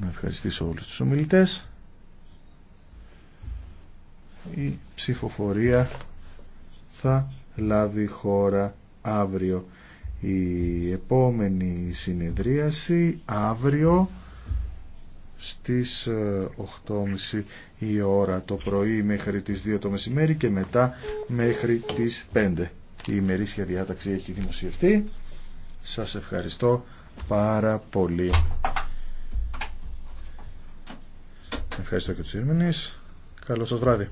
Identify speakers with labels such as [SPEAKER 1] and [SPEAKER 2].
[SPEAKER 1] Να ευχαριστήσω όλους τους ομιλητές. Η ψηφοφορία θα λάβει χώρα αύριο. Η επόμενη συνεδρίαση αύριο στις 8.30 ε, η ώρα το πρωί μέχρι τις 2 το μεσημέρι και μετά μέχρι τις 5. Η ημερήσια διάταξη έχει δημοσιευτεί. Σας ευχαριστώ πάρα πολύ. Ευχαριστώ και τους ήρμηνες. Καλό σας βράδυ.